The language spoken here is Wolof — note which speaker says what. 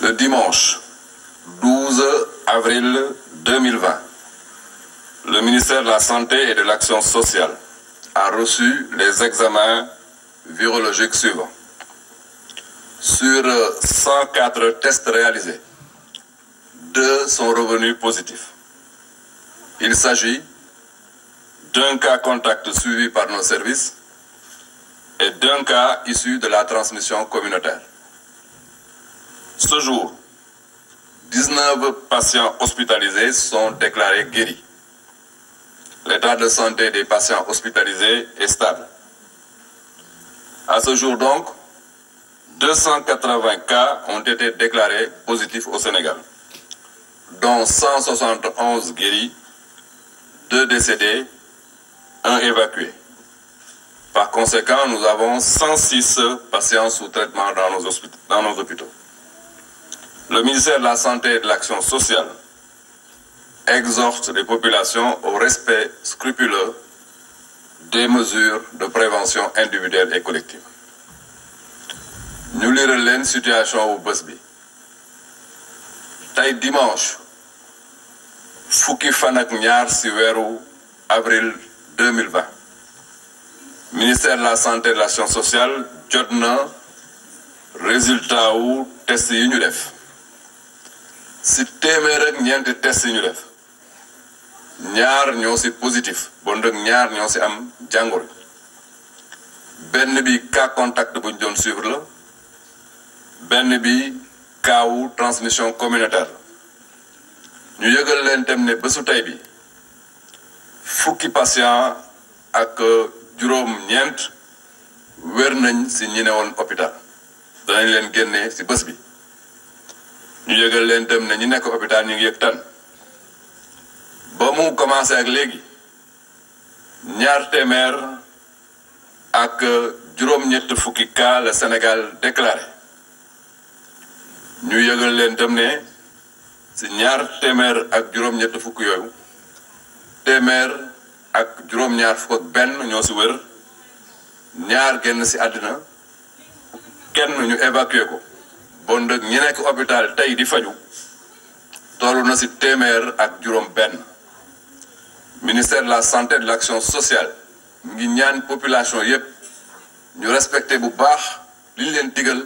Speaker 1: le dimanche 12 avril le ministère de la Santé et de l'Action sociale a reçu les examens virologiques suivants. Sur 104 tests réalisés, deux sont revenus positifs. Il s'agit d'un cas contact suivi par nos services et d'un cas issu de la transmission communautaire. ce jour, 19 patients hospitalisés sont déclarés guéris. L'état de santé des patients hospitalisés est stable. À ce jour donc, 280 cas ont été déclarés positifs au Sénégal, dont 171 guéris, 2 décédés, 1 évacué. Par conséquent, nous avons 106 patients sous traitement dans nos, dans nos Le ministère de la Santé et de l'Action sociale exhorte les populations au respect scrupuleux des mesures de prévention individuelle et collective. ñu liral leen situation bu bés bi tey dimanche fukki fan ak ñaar ci weeru avril 2020 ministère de la santé et de l'action sociale jot na résultat wu test yi ñu def si téeméer ak ñeenti test yi ñu def ñaar ñoo si positif bon nag ñaar ñoo si am jàngoro benn bi cas contact bu ñu doon suivre la benn bi kaawu transmission communautaire ñu yëgal leen tam ne bésu tey bi fukki patient ak juróom-ñeent wér nañ si ñi ne woon hôpital danañ leen génnee si bës bi ñu yëgal leen dem ne ñu nekk hôpital ñu ngi yëg tan ba mu commencé ak léegi ñaar téeméer ak juróom-ñett fukki cas la Sénégal déclaré ñu yëgal leen tam ne si ñaar téeméer ak juróom-ñett fukki yooyu téeméer ak juróom-ñaar fukk ak benn ñoo si wër ñaar génn si àddina kenn ñu évacué ko bon nag ñi nekk hôpital tey di faju toll na ci téeméer ak juróom benn ministère de la santé et de l'action sociale ngi ñaan population yépp ñu respecté bu baax li ñu leen digal